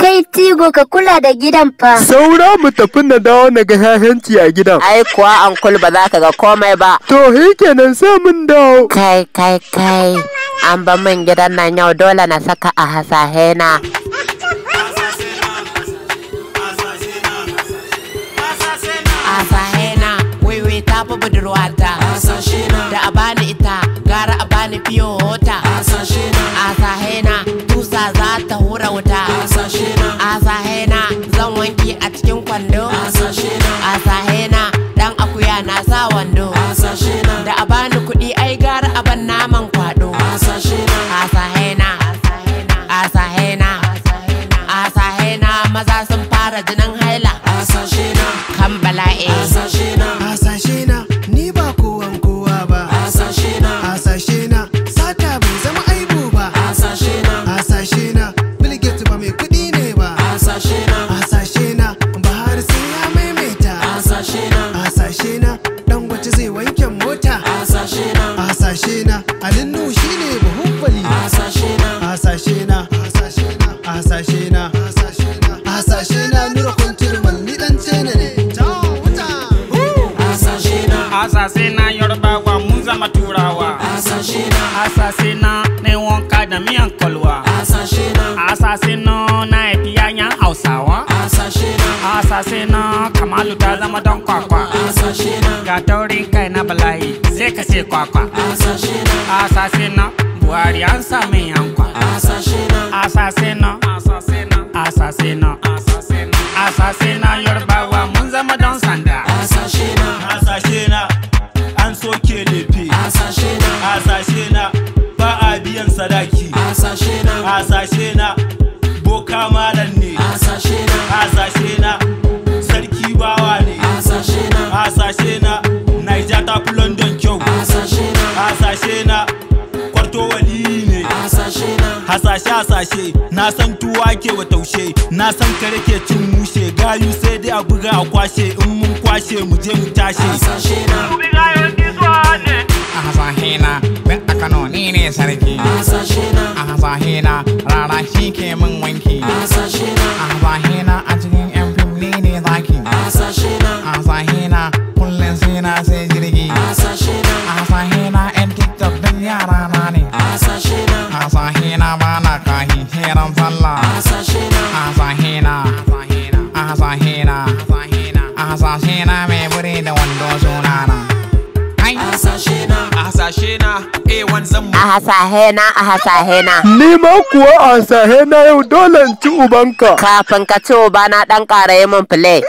Kai Tigo ka kula da gidan fa. Saura mu tafi na dawo na ga hahanci a gidan. Ai kuwa ankul ba za ka ga komai ba. To shi kenan sai mun dawo. Kai kai kai. An ba min gidan nan yau dole na saka a hasahena. wuta a sahena zan wanki a cikin kwando a sahena dan akuya na sa wando da a bani kuɗi ai gara a ban naman kwado a sahena a sahena a sahena maza sun fara jinin haila kan bala'i hasashe na alinnu shine buhun bali hasashe na hasashe na hasashe na hasashe na hasashe na hasashe na nura kwantar malli dan cene ne ta hasashe na hasashe na mun zama turawa hasashe na hasashe na ne wonka da miyan kwalwa hasashe na hasashe na na biya yan hausawa hasashe na kamalu ta zama don kwakwa ga taurin kai na bala'i sai ka sai kwakwa hasashe na buhari an sami yankwa hasashe na hasashe na hasashe na yarbawa mun zama don sanda hasashe na an soke lefe hasashe na ba a biyan sadaki hasashe na kwarto wali ne hasashe hasashe na san tuwa ke wa taushe na san kare ke cin mushe gayu sai dai a buga a kwashe in mun kwashe mu je mu tashe hasashe na hasashe na bin akano ni ne sarki hasashe na hasashe na rana shi ke min wanki A Asahina, A1 Ni ma kuwa Asahina yau dole in ci ubanka. Kafin ka ci uba na ɗan ƙara yi min filai.